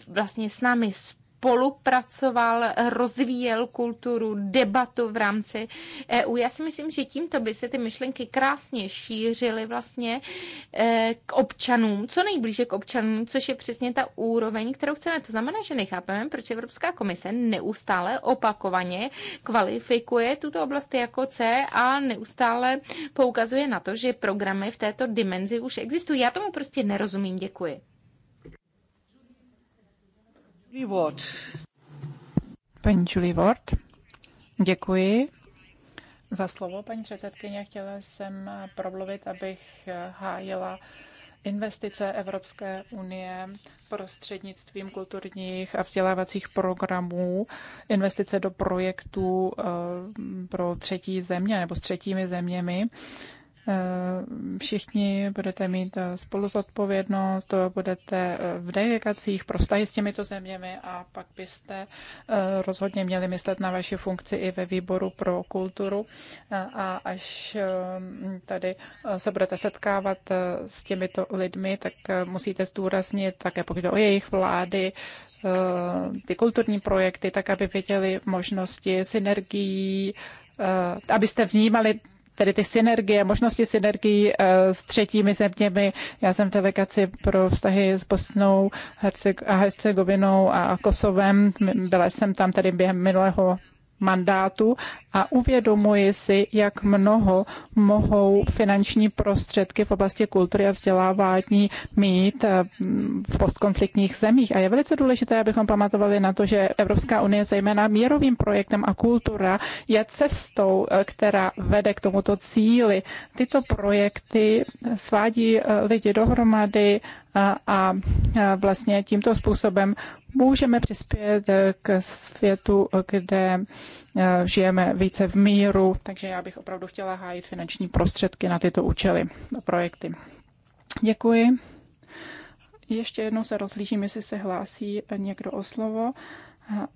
vlastně s námi spolupracoval spolupracoval, rozvíjel kulturu, debatu v rámci EU. Já si myslím, že tímto by se ty myšlenky krásně šířily vlastně eh, k občanům, co nejblíže k občanům, což je přesně ta úroveň, kterou chceme. To znamená, že nechápeme, proč Evropská komise neustále opakovaně kvalifikuje tuto oblast jako C a neustále poukazuje na to, že programy v této dimenzi už existují. Já tomu prostě nerozumím. Děkuji. Ward. Paní Julie Ward, děkuji za slovo, paní předsedkyně. Chtěla jsem promluvit, abych hájila investice Evropské unie prostřednictvím kulturních a vzdělávacích programů, investice do projektů eh, pro třetí země nebo s třetími zeměmi všichni budete mít eh, spoluzodpovědnost, budete eh, v delegacích pro s těmito zeměmi a pak byste eh, rozhodně měli myslet na vaši funkci i ve výboru pro kulturu a až tady se budete setkávat s těmito lidmi, tak musíte zdůraznit také pokud o jejich vlády, ty kulturní projekty, tak aby věděli možnosti synergií, abyste vnímali tedy ty synergie, možnosti synergií eh, s třetími zeměmi. Já jsem v delegaci pro vztahy s Bosnou a Hercegovinou a Kosovem. Byla jsem tam tady během minulého mandátu a uvědomuji si, jak mnoho mohou finanční prostředky v oblasti kultury a vzdělávání mít eh, v postkonfliktních zemích. A je velice důležité, abychom pamatovali na to, že Evropská unie zejména mírovým projektem a kultura je cestou, eh, která vede k tomuto cíli. Tyto projekty svádí eh, lidi dohromady, a vlastně tímto způsobem můžeme přispět k světu, kde e, žijeme více v míru, takže já bych opravdu chtěla hájit finanční prostředky na tyto účely, na projekty. Děkuji. Ještě jednou se rozlížím, jestli se hlásí někdo o slovo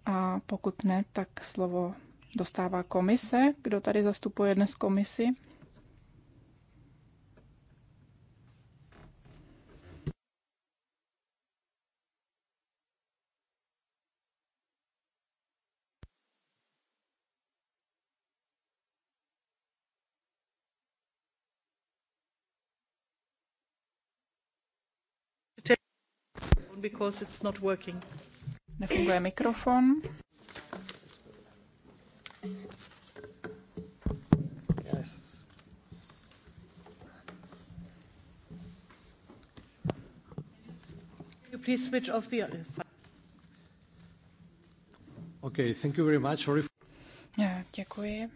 a pokud ne, tak slovo dostává komise. Kdo tady zastupuje dnes komisi? because it's not working. Nefunguje mikrofon. Yes. You please switch off the other. Uh, okay, thank you very much. Děkuji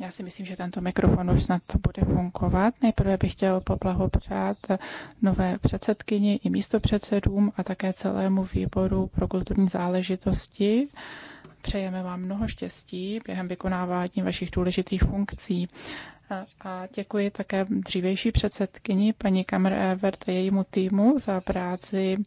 já si myslím, že tento mikrofon už snad bude fungovat. Nejprve bych chtěl poblahopřát nové předsedkyni i místopředsedům a také celému výboru pro kulturní záležitosti. Přejeme vám mnoho štěstí během vykonávání vašich důležitých funkcí a děkuji také dřívější předsedkyni, paní Kamer Evert a jejímu týmu za práci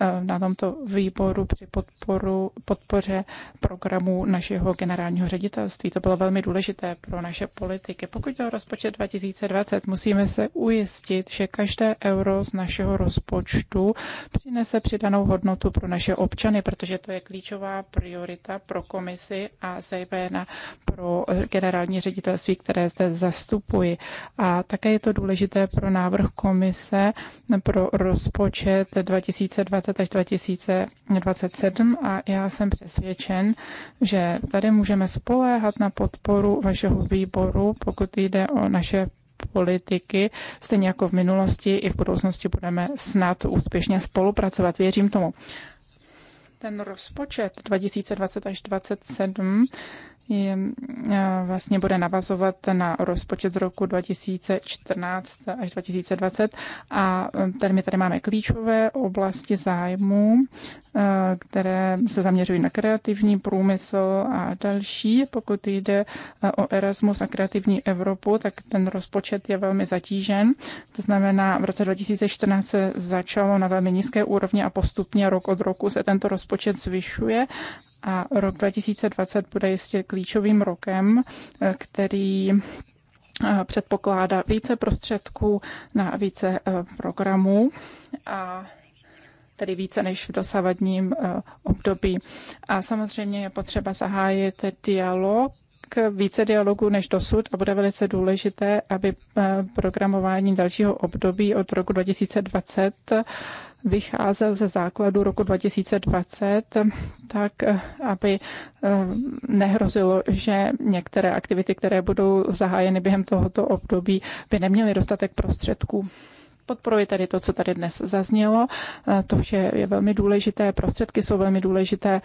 e, na tomto výboru při podporu, podpoře programu našeho generálního ředitelství. To bylo velmi důležité pro naše politiky. Pokud jde o rozpočet 2020, musíme se ujistit, že každé euro z našeho rozpočtu přinese přidanou hodnotu pro naše občany, protože to je klíčová priorita pro komisi a zejména pro generální ředitelství, které zde zastupuje vystupuji. A také je to důležité pro návrh komise pro rozpočet 2020 až 2027 a já jsem přesvědčen, že tady můžeme spoléhat na podporu vašeho výboru, pokud jde o naše politiky, stejně jako v minulosti, i v budoucnosti budeme snad úspěšně spolupracovat. Věřím tomu. Ten rozpočet 2020 až 2027 Eh, vlastně bude navazovat na rozpočet z roku 2014 až 2020. A eh, tady my tady máme klíčové oblasti zájmu, eh, které se zaměřují na kreativní průmysl a další. Pokud jde o Erasmus a kreativní Evropu, tak ten rozpočet je velmi zatížen. To znamená, v roce 2014 se začalo na velmi nízké úrovni a postupně rok od roku se tento rozpočet zvyšuje a rok 2020 bude jistě klíčovým rokem, eh, který eh, předpokládá více prostředků na více eh, programů a tedy více než v dosavadním období. A samozřejmě je potřeba zahájit dialog k více dialogu než dosud a bude velice důležité, aby programování dalšího období od roku 2020 vycházel ze základu roku 2020, tak eh, aby eh, nehrozilo, že některé aktivity, které budou zahájeny během tohoto období, by neměly dostatek prostředků. Podporuji tady to, co tady dnes zaznělo, eh, to, že je velmi důležité, prostředky jsou velmi důležité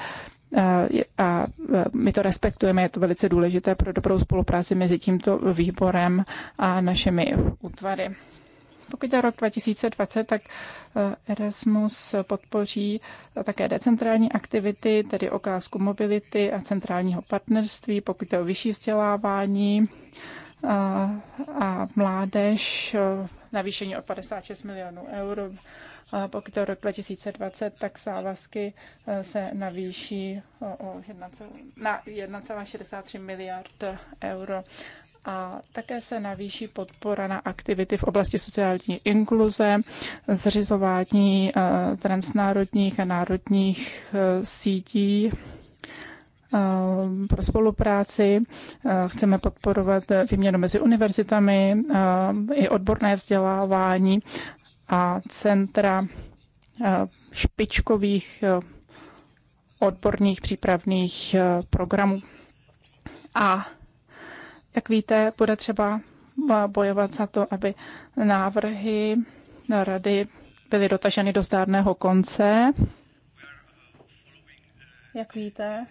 a my to respektujeme, je to velice důležité pro dobrou spolupráci mezi tímto výborem a našimi útvary. Pokud je rok 2020, tak eh, Erasmus podpoří také decentrální aktivity, tedy okázku mobility a centrálního partnerství, pokud je o vyšší vzdělávání a, eh, a mládež, eh, navýšení o 56 milionů eur. Pokud je rok 2020, tak závazky se navýší o 1, na 1,63 miliard euro a také se navýší podpora na aktivity v oblasti sociální inkluze, zřizování eh, transnárodních a národních eh, sítí eh, pro spolupráci. Chceme podporovat výměnu mezi univerzitami, i odborné vzdělávání a centra špičkových odborných přípravných programů. A jak víte, bude třeba eh, bojovat za to, aby návrhy na rady byly dotaženy do zdárného konce. Jak víte,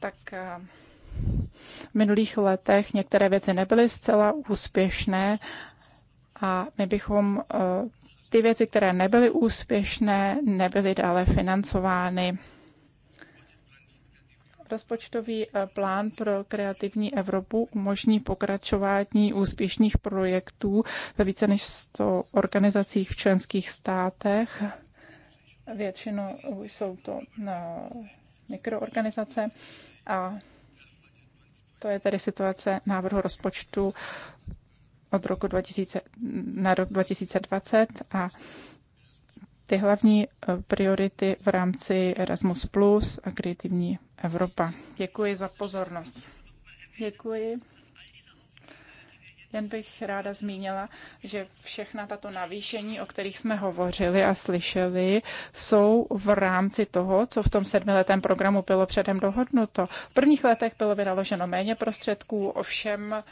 tak eh, v minulých letech některé věci nebyly zcela úspěšné a my bychom eh, ty věci, které nebyly úspěšné, nebyly dále financovány. Rozpočtový eh, plán pro kreativní Evropu umožní pokračování úspěšných projektů ve více než 100 organizacích v členských státech. Většinou jsou to eh, mikroorganizace a to je tedy situace návrhu rozpočtu od roku 2000, na rok 2020 a ty hlavní eh, priority v rámci Erasmus Plus a kreativní Evropa. Děkuji za pozornost. Děkuji. Jen bych ráda zmínila, že všechna tato navýšení, o kterých jsme hovořili a slyšeli, jsou v rámci toho, co v tom sedmiletém programu bylo předem dohodnuto. V prvních letech bylo vynaloženo méně prostředků, ovšem eh,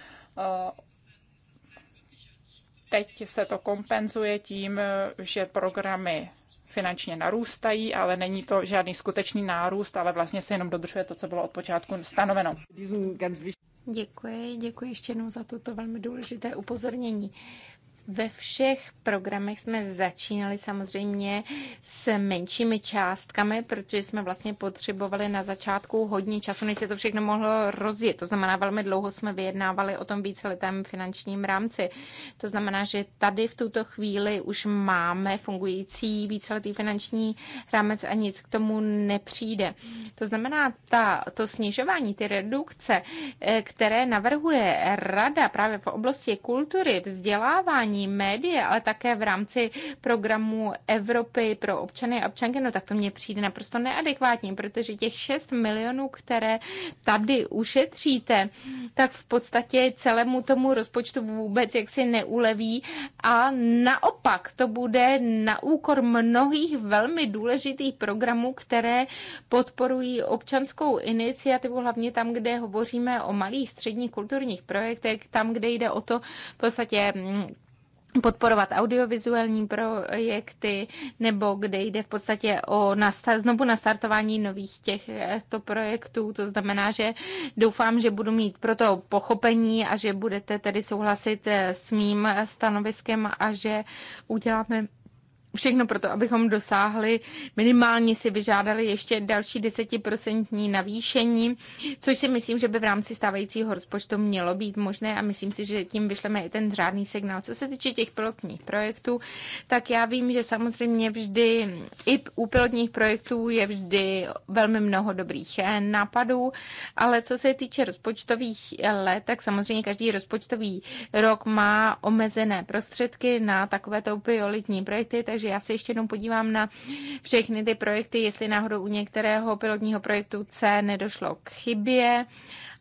teď se to kompenzuje tím, že programy finančně narůstají, ale není to žádný skutečný nárůst, ale vlastně se jenom dodržuje to, co bylo od počátku stanoveno. Děkuji, děkuji ještě jednou za toto velmi důležité upozornění. Ve všech programech jsme začínali samozřejmě s menšími částkami, protože jsme vlastně potřebovali na začátku hodně času, než se to všechno mohlo rozjet. To znamená, velmi dlouho jsme vyjednávali o tom víceletém finančním rámci. To znamená, že tady v tuto chvíli už máme fungující víceletý finanční rámec a nic k tomu nepřijde. To znamená, ta, to snižování, ty redukce, eh, které navrhuje Rada právě v oblasti kultury, vzdělávání, sociální médie, ale také v rámci programu Evropy pro občany a občanky, no tak to mně přijde naprosto neadekvátní, protože těch 6 milionů, které tady ušetříte, tak v podstatě celému tomu rozpočtu vůbec jaksi neuleví a naopak to bude na úkor mnohých velmi důležitých programů, které podporují občanskou iniciativu, hlavně tam, kde hovoříme o malých středních kulturních projektech, tam, kde jde o to v podstatě mm, podporovat audiovizuální projekty, nebo kde jde v podstatě o nastav, znovu nastartování nových těchto eh, projektů. To znamená, že doufám, že budu mít pro to pochopení a že budete tedy souhlasit eh, s mým stanoviskem a že uděláme všechno proto, abychom dosáhli, minimálně si vyžádali ještě další desetiprocentní navýšení, což si myslím, že by v rámci stávajícího rozpočtu mělo být možné a myslím si, že tím vyšleme i ten řádný signál. Co se týče těch pilotních projektů, tak já vím, že samozřejmě vždy i u pilotních projektů je vždy velmi mnoho dobrých nápadů, ale co se týče rozpočtových let, tak samozřejmě každý rozpočtový rok má omezené prostředky na takovéto pilotní projekty, takže takže já se ještě jednou podívám na všechny ty projekty, jestli náhodou u některého pilotního projektu C nedošlo k chybě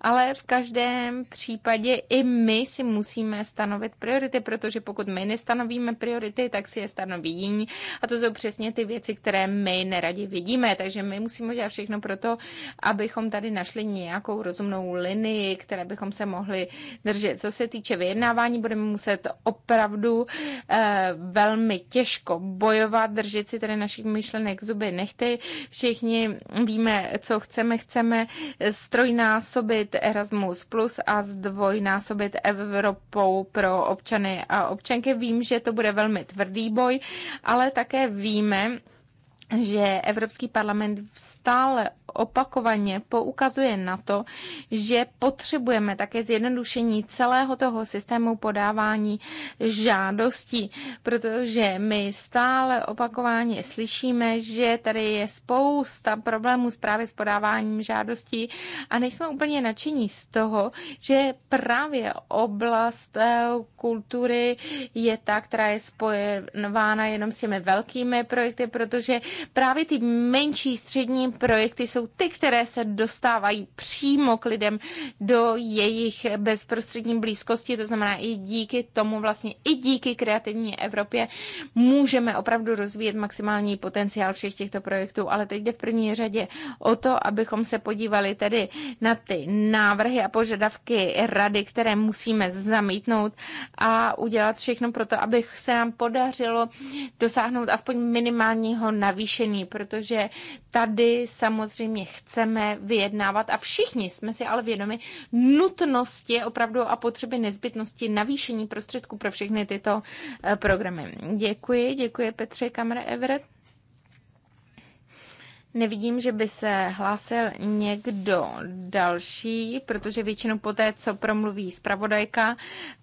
ale v každém případě i my si musíme stanovit priority, protože pokud my nestanovíme priority, tak si je stanoví jiní. A to jsou přesně ty věci, které my neradi vidíme. Takže my musíme dělat všechno pro to, abychom tady našli nějakou rozumnou linii, které bychom se mohli držet. Co se týče vyjednávání, budeme muset opravdu eh, velmi těžko bojovat, držet si tady našich myšlenek zuby nechty. Všichni víme, co chceme, chceme strojnásobit zdvojnásobit Erasmus Plus a zdvojnásobit Evropou pro občany a občanky. Vím, že to bude velmi tvrdý boj, ale také víme, že Evropský parlament stále opakovaně poukazuje na to, že potřebujeme také zjednodušení celého toho systému podávání žádostí, protože my stále opakovaně slyšíme, že tady je spousta problémů s právě s podáváním žádostí a nejsme úplně nadšení z toho, že právě oblast eh, kultury je ta, která je spojována jenom s těmi velkými projekty, protože právě ty menší střední projekty jsou ty, které se dostávají přímo k lidem do jejich bezprostřední blízkosti, to znamená i díky tomu vlastně, i díky kreativní Evropě můžeme opravdu rozvíjet maximální potenciál všech těchto projektů, ale teď jde v první řadě o to, abychom se podívali tedy na ty návrhy a požadavky rady, které musíme zamítnout a udělat všechno pro to, aby se nám podařilo dosáhnout aspoň minimálního navýšení zvýšený, protože tady samozřejmě chceme vyjednávat a všichni jsme si ale vědomi nutnosti opravdu a potřeby nezbytnosti navýšení prostředků pro všechny tyto eh, programy. Děkuji, děkuji Petře Kamere Everett. Nevidím, že by se hlásil někdo další, protože většinou po té, co promluví zpravodajka,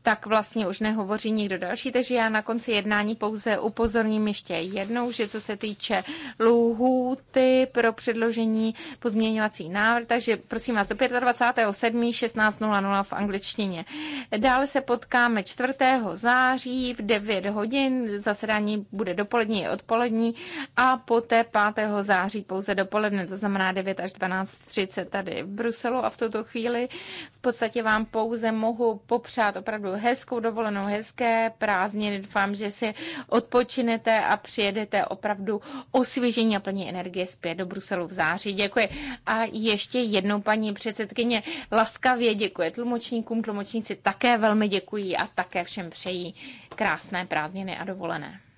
tak vlastně už nehovoří nikdo další, takže já na konci jednání pouze upozorním ještě jednou, že co se týče lhůty pro předložení pozměňovací návrh, takže prosím vás do 25.7.16.00 16.00 v angličtině. Dále se potkáme 4. září v 9 hodin, zasedání bude dopolední i odpolední a poté 5. září pouze pouze dopoledne, to znamená 9 až 12.30 tady v Bruselu a v tuto chvíli v podstatě vám pouze mohu popřát opravdu hezkou dovolenou, hezké prázdniny. Doufám, že si odpočinete a přijedete opravdu osvěžení a plně energie zpět do Bruselu v září. Děkuji. A ještě jednou paní předsedkyně laskavě děkuje tlumočníkům, tlumočníci také velmi děkují a také všem přejí krásné prázdniny a dovolené.